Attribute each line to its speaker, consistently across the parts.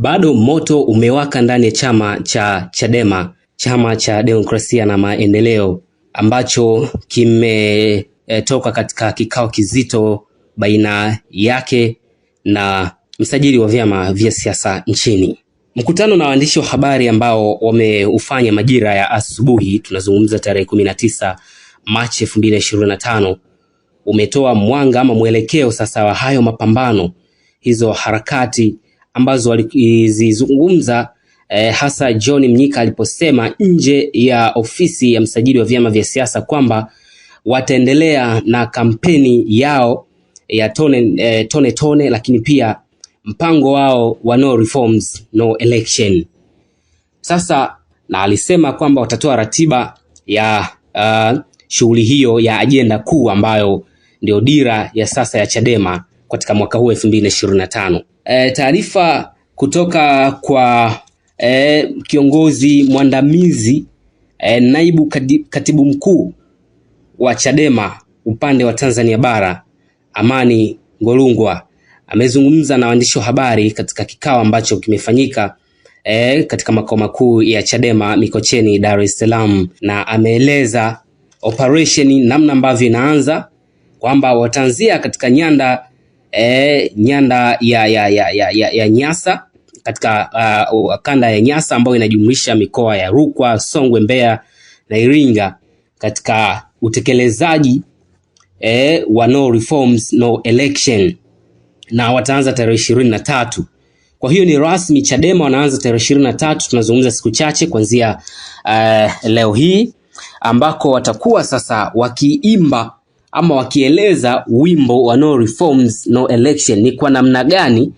Speaker 1: Bado moto umewaka ndani ya chama cha Chadema, chama cha demokrasia na maendeleo, ambacho kimetoka katika kikao kizito baina yake na msajili wa vyama vya siasa nchini. Mkutano na waandishi wa habari ambao wameufanya majira ya asubuhi, tunazungumza tarehe 19 Machi 2025, umetoa mwanga ama mwelekeo sasa wa hayo mapambano, hizo harakati ambazo walizizungumza eh, hasa John Mnyika aliposema nje ya ofisi ya msajili wa vyama vya siasa kwamba wataendelea na kampeni yao ya tone, eh, tone tone, lakini pia mpango wao wa no reforms no election. Sasa na alisema kwamba watatoa ratiba ya uh, shughuli hiyo ya ajenda kuu ambayo ndio dira ya sasa ya Chadema katika mwaka huu 2025 e, taarifa kutoka kwa e, kiongozi mwandamizi e, naibu katibu mkuu wa Chadema upande wa Tanzania bara Amani Ngolungwa amezungumza na waandishi wa habari katika kikao ambacho kimefanyika e, katika makao makuu ya Chadema Mikocheni, Dar es Salaam, na ameeleza operation namna ambavyo inaanza kwamba wataanzia katika nyanda e, nyanda ya, ya, ya, ya, ya, ya Nyasa katika uh, kanda ya Nyasa ambayo inajumuisha mikoa ya Rukwa, Songwe, Mbeya na Iringa katika utekelezaji e, wa no reforms no election na wataanza tarehe ishirini na tatu. Kwa hiyo ni rasmi, Chadema wanaanza tarehe ishirini na tatu, tunazungumza siku chache kuanzia uh, leo hii ambako watakuwa sasa wakiimba ama wakieleza wimbo wa no reforms no election, ni kwa namna gani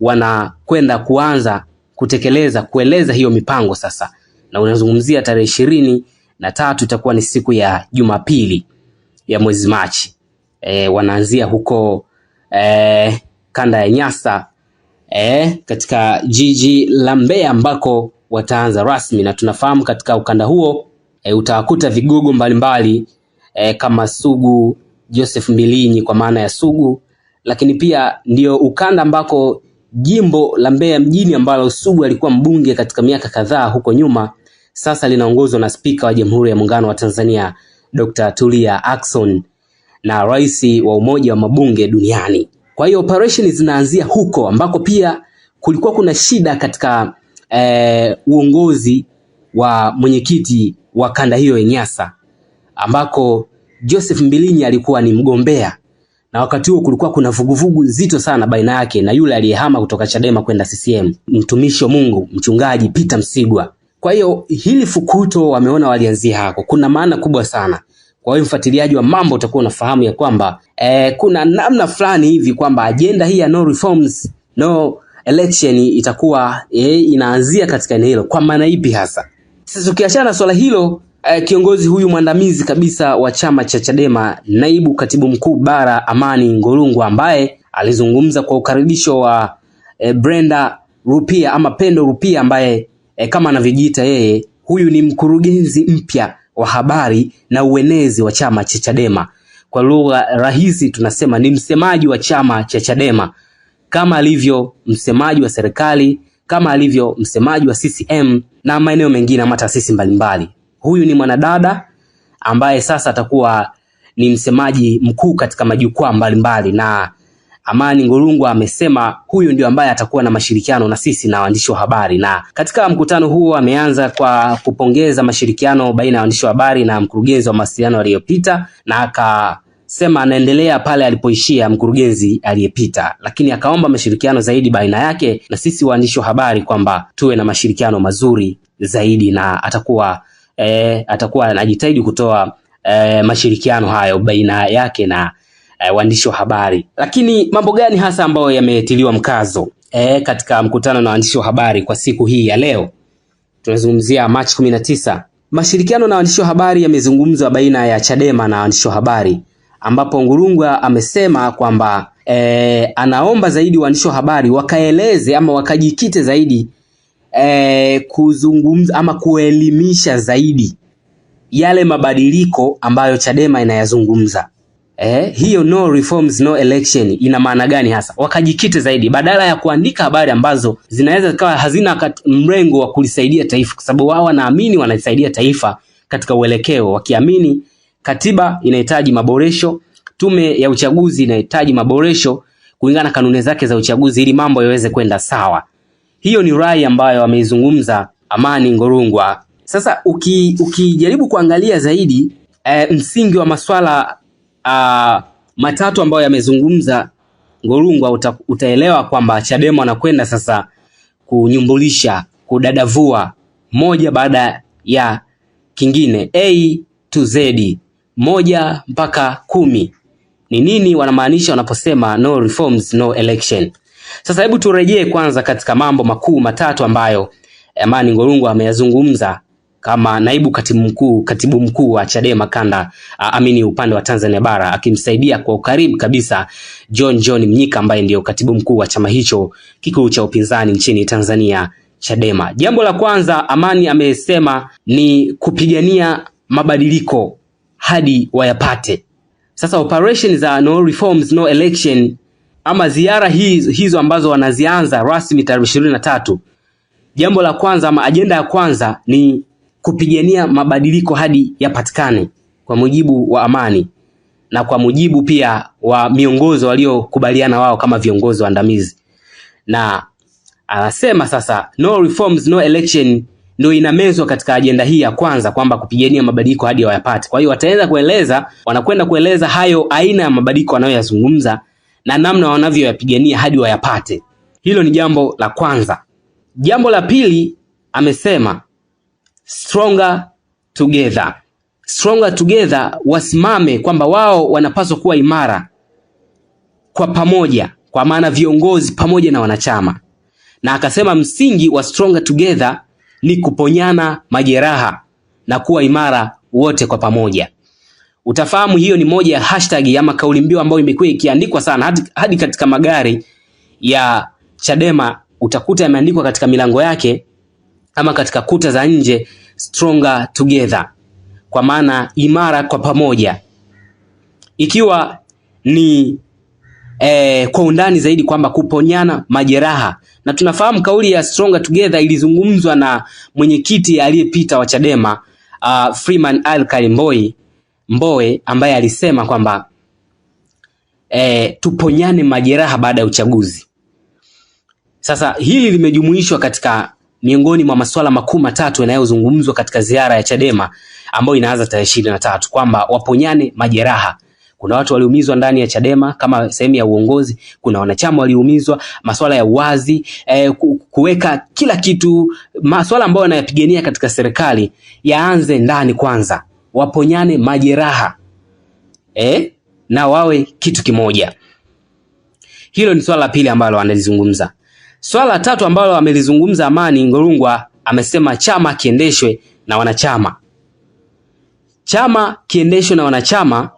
Speaker 1: wanakwenda kuanza kutekeleza kueleza hiyo mipango sasa, na unazungumzia tarehe ishirini na tatu itakuwa ni siku ya Jumapili ya mwezi Machi. E, wanaanzia huko e, kanda ya Nyasa e, katika jiji la Mbeya ambako wataanza rasmi, na tunafahamu katika ukanda huo e, utawakuta vigogo mbalimbali eh, kama Sugu Joseph Mbilinyi kwa maana ya Sugu, lakini pia ndio ukanda ambako jimbo la Mbeya mjini ambalo Sugu alikuwa mbunge katika miaka kadhaa huko nyuma, sasa linaongozwa na spika wa Jamhuri ya Muungano wa Tanzania Dr. Tulia Ackson na rais wa Umoja wa Mabunge Duniani. Kwa hiyo operesheni zinaanzia huko ambako pia kulikuwa kuna shida katika eh, uongozi wa mwenyekiti wa kanda hiyo ya Nyasa ambako Joseph Mbilinyi alikuwa ni mgombea na wakati huo kulikuwa kuna vuguvugu nzito sana baina yake na yule aliyehama kutoka Chadema kwenda CCM, mtumishi wa Mungu mchungaji Peter Msigwa. Kwa hiyo hili fukuto wameona walianzia hako, kuna maana kubwa sana. Kwa hiyo mfuatiliaji wa mambo utakuwa unafahamu ya kwamba e, kuna namna fulani hivi kwamba ajenda hii ya no reforms, no election itakuwa e, inaanzia katika eneo hilo. Kwa maana ipi hasa? Sasa tukiachana na swala hilo Eh, kiongozi huyu mwandamizi kabisa wa chama cha Chadema, naibu katibu mkuu bara Amani Ngurungu, ambaye alizungumza kwa ukaribisho wa e, Brenda Rupia ama Pendo Rupia ambaye e, kama anavyojiita yeye, huyu ni mkurugenzi mpya wa habari na uenezi wa chama cha Chadema. Kwa lugha rahisi tunasema ni msemaji wa chama cha Chadema, kama alivyo msemaji wa serikali, kama alivyo msemaji wa CCM na maeneo mengine ama taasisi mbalimbali. Huyu ni mwanadada ambaye sasa atakuwa ni msemaji mkuu katika majukwaa mbalimbali, na Amani Ngurungwa amesema huyu ndio ambaye atakuwa na mashirikiano na sisi na waandishi wa habari. Na katika mkutano huu ameanza kwa kupongeza mashirikiano baina ya waandishi wa habari na mkurugenzi wa mawasiliano aliyopita, na akasema anaendelea pale alipoishia mkurugenzi aliyepita, lakini akaomba mashirikiano zaidi baina yake na sisi waandishi wa habari kwamba tuwe na mashirikiano mazuri zaidi, na atakuwa e, atakuwa anajitahidi kutoa e, mashirikiano hayo baina yake na e, waandishi wa habari. Lakini mambo gani hasa ambayo yametiliwa mkazo e, katika mkutano na waandishi wa habari kwa siku hii ya leo? Tunazungumzia Machi 19. Mashirikiano na waandishi wa habari yamezungumzwa baina ya Chadema na waandishi wa habari ambapo Ngurungwa amesema kwamba e, anaomba zaidi waandishi wa habari wakaeleze ama wakajikite zaidi eh, kuzungumza ama kuelimisha zaidi yale mabadiliko ambayo Chadema inayazungumza. Eh, hiyo no reforms no election ina maana gani hasa? Wakajikite zaidi badala ya kuandika habari ambazo zinaweza zikawa hazina mrengo wa kulisaidia taifa, kwa sababu wao wanaamini wanasaidia taifa katika uelekeo, wakiamini katiba inahitaji maboresho, tume ya uchaguzi inahitaji maboresho kulingana na kanuni zake za uchaguzi, ili mambo yaweze kwenda sawa. Hiyo ni rai ambayo ameizungumza Amani ngorungwa Sasa uki, ukijaribu kuangalia zaidi e, msingi wa masuala a, ah, matatu ambayo yamezungumza ngorungwa uta, utaelewa kwamba Chadema wanakwenda sasa kunyumbulisha, kudadavua moja baada ya kingine A to Z moja mpaka kumi. Ni nini wanamaanisha wanaposema no reforms, no election? Sasa hebu turejee kwanza katika mambo makuu matatu ambayo Amani Ngolugwa ameyazungumza kama naibu katibu mkuu katibu mkuu wa Chadema kanda amini upande wa Tanzania bara akimsaidia kwa ukaribu kabisa John John Mnyika ambaye ndiyo katibu mkuu wa chama hicho kikuu cha upinzani nchini Tanzania Chadema. Jambo la kwanza Amani amesema ni kupigania mabadiliko hadi wayapate. Sasa operation za no reforms, no election ama ziara hizo, hizo ambazo wanazianza rasmi tarehe ishirini na tatu, jambo la kwanza ama ajenda ya kwanza ni kupigania mabadiliko hadi yapatikane kwa mujibu wa amani na kwa mujibu pia wa miongozo waliokubaliana wao kama viongozi waandamizi. Na anasema sasa, no reforms no election ndio inamezwa katika ajenda hii ya kwanza, kwamba kupigania mabadiliko hadi wayapate. Kwa hiyo wataenda kueleza, wanakwenda kueleza hayo aina ya mabadiliko wanayoyazungumza na namna wanavyoyapigania hadi wayapate. Hilo ni jambo la kwanza. Jambo la pili amesema stronger together. Stronger together, wasimame kwamba wao wanapaswa kuwa imara kwa pamoja, kwa maana viongozi pamoja na wanachama, na akasema msingi wa stronger together ni kuponyana majeraha na kuwa imara wote kwa pamoja. Utafahamu hiyo ni moja ya hashtag ama kauli mbiu ambayo imekuwa ikiandikwa sana hadi, hadi katika magari ya Chadema utakuta yameandikwa katika milango yake ama katika kuta za nje stronger together, kwa maana imara kwa pamoja, ikiwa ni eh, kwa undani zaidi kwamba kuponyana majeraha. Na tunafahamu kauli ya stronger together ilizungumzwa na mwenyekiti aliyepita wa Chadema uh, Freeman Aikael Mbowe Mbowe ambaye alisema kwamba e, tuponyane majeraha baada ya uchaguzi. Sasa hili limejumuishwa katika miongoni mwa masuala makuu matatu yanayozungumzwa katika ziara ya Chadema ambayo inaanza tarehe ishirini na tatu kwamba waponyane majeraha. Kuna watu waliumizwa ndani ya Chadema kama sehemu ya uongozi, kuna wanachama waliumizwa, masuala ya uwazi e, kuweka kila kitu, masuala ambayo wanayapigania katika serikali yaanze ndani kwanza waponyane majeraha eh, na wawe kitu kimoja. Hilo ni swala la pili ambalo analizungumza. Swala la tatu ambalo amelizungumza Amani Ngorungwa amesema chama kiendeshwe na wanachama, chama kiendeshwe na wanachama,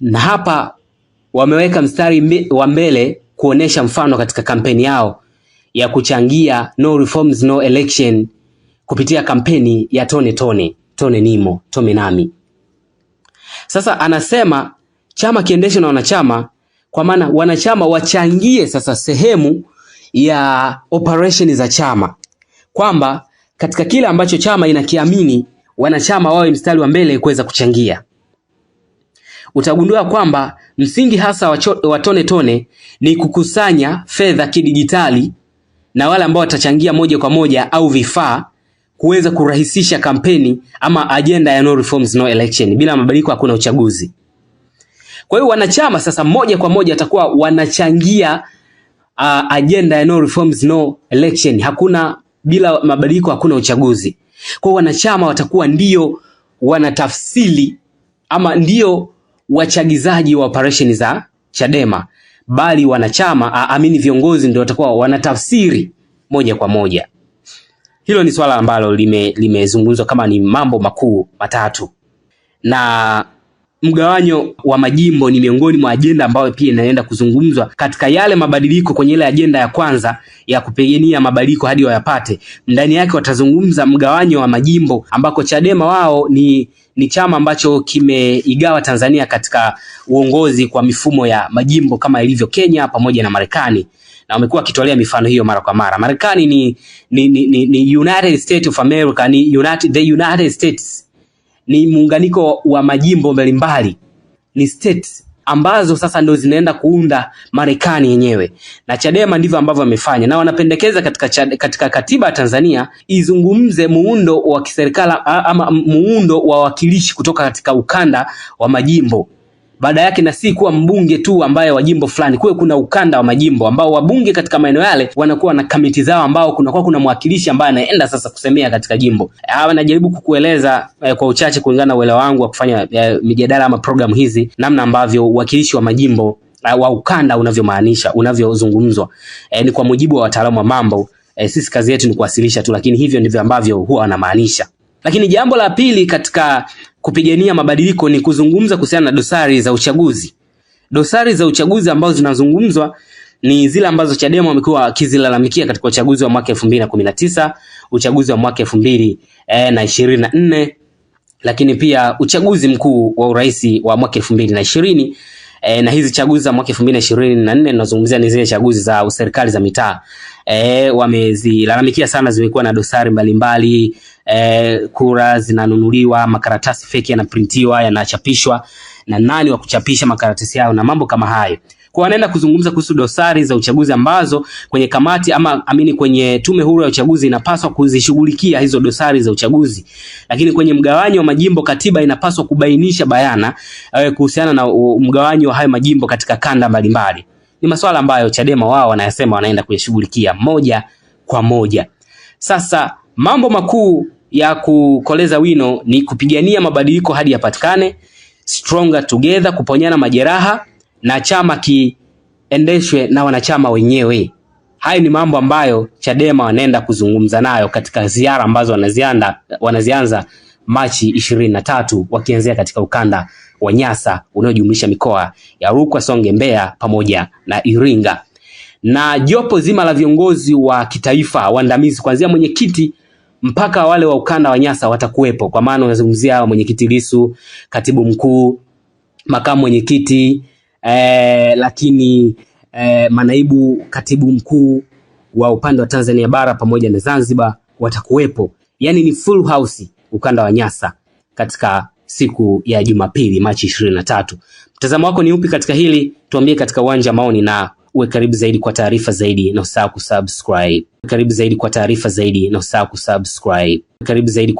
Speaker 1: na hapa wameweka mstari wa mbele kuonesha mfano katika kampeni yao ya kuchangia no reforms, no election kupitia kampeni ya tone tone tone nimo, tome nami. Sasa anasema chama kiendeshwe na wanachama, kwa maana wanachama wachangie sasa sehemu ya operation za chama, kwamba katika kile ambacho chama inakiamini wanachama wawe mstari wa mbele kuweza kuchangia. Utagundua kwamba msingi hasa wa tone tone ni kukusanya fedha kidijitali na wale ambao watachangia moja kwa moja au vifaa kuweza kurahisisha kampeni ama ajenda ya no reforms no election, bila mabadiliko hakuna uchaguzi. Kwa hiyo wanachama sasa moja kwa moja watakuwa wanachangia uh, ajenda ya no reforms no election, hakuna bila mabadiliko hakuna uchaguzi. Kwa hiyo wanachama watakuwa ndio wanatafsiri ama ndio wachagizaji wa operation za Chadema, bali wanachama aamini, viongozi ndio watakuwa wanatafsiri moja kwa moja. Hilo ni swala ambalo limezungumzwa lime kama ni mambo makuu matatu, na mgawanyo wa majimbo ni miongoni mwa ajenda ambayo pia inaenda kuzungumzwa katika yale mabadiliko. Kwenye ile ajenda ya kwanza ya kupigania mabadiliko hadi wayapate, ndani yake watazungumza mgawanyo wa majimbo ambako Chadema wao ni ni chama ambacho kimeigawa Tanzania katika uongozi kwa mifumo ya majimbo kama ilivyo Kenya pamoja na Marekani na wamekuwa wakitolea mifano hiyo mara kwa mara. Marekani ni, ni, ni, ni United States of America, ni United, the United States ni muunganiko wa majimbo mbalimbali, ni states ambazo sasa ndio zinaenda kuunda Marekani yenyewe, na Chadema ndivyo ambavyo wamefanya, na wanapendekeza katika, chad, katika katiba ya Tanzania izungumze muundo wa kiserikali ama muundo wa wakilishi kutoka katika ukanda wa majimbo baada yake na si kuwa mbunge tu ambaye wa jimbo fulani, kuwe kuna ukanda wa majimbo ambao wabunge katika maeneo yale wanakuwa na kamiti zao, ambao kunakuwa kuna mwakilishi ambaye anaenda sasa kusemea katika jimbo. Hawa najaribu kukueleza eh, kwa uchache kulingana na uelewa wangu wa kufanya eh, mijadala ama programu hizi, namna ambavyo uwakilishi wa majimbo eh, wa ukanda unavyomaanisha unavyozungumzwa, eh, ni kwa mujibu wa wataalamu wa mambo. Eh, sisi kazi yetu ni kuwasilisha tu, lakini hivyo ndivyo ambavyo huwa wanamaanisha. Lakini jambo la pili katika kupigania mabadiliko ni kuzungumza kuhusiana na dosari za uchaguzi. Dosari za uchaguzi ambazo zinazungumzwa ni zile ambazo Chadema wamekuwa wakizilalamikia katika uchaguzi wa mwaka 2019, uchaguzi wa mwaka 2024, lakini pia uchaguzi mkuu wa urais wa mwaka 2020. E, eh, na hizi chaguzi za mwaka 2024 ninazungumzia ni zile chaguzi za serikali za mitaa. E, wamezilalamikia sana, zimekuwa na dosari mbalimbali mbali, eh, kura zinanunuliwa, makaratasi feki yanaprintiwa, yanachapishwa na nani wa kuchapisha makaratasi hayo na mambo kama hayo. Kwa anaenda kuzungumza kuhusu dosari za uchaguzi ambazo kwenye kamati ama amini kwenye tume huru ya uchaguzi inapaswa kuzishughulikia hizo dosari za uchaguzi, lakini kwenye mgawanyo wa majimbo katiba inapaswa kubainisha bayana eh, kuhusiana na mgawanyo wa hayo majimbo katika kanda mbalimbali. Ni masuala ambayo Chadema wao wanayasema wanaenda kuyashughulikia moja kwa moja. Sasa Mambo makuu ya kukoleza wino ni kupigania mabadiliko hadi yapatikane, stronger together, kuponyana majeraha na chama kiendeshwe na wanachama wenyewe. Hayo ni mambo ambayo Chadema wanaenda kuzungumza nayo katika ziara ambazo wanazianda, wanazianza Machi 23 wakianzia katika ukanda wa Nyasa unaojumlisha mikoa ya Rukwa, Songe, Mbeya pamoja na Iringa na jopo zima la viongozi wa kitaifa waandamizi kuanzia mwenyekiti mpaka wale wa ukanda wa Nyasa watakuwepo, kwa maana unazungumzia mwenyekiti Lisu, katibu mkuu, makamu mwenyekiti eh, lakini eh, manaibu katibu mkuu wa upande wa Tanzania bara pamoja na Zanzibar watakuwepo. yani ni full house ukanda wa Nyasa katika siku ya Jumapili Machi ishirini na tatu. Mtazamo wako ni upi katika hili? Tuambie katika uwanja maoni na Uwe karibu zaidi kwa taarifa zaidi na usahau kusubscribe. Karibu zaidi kwa taarifa zaidi na usahau kusubscribe. Karibu zaidi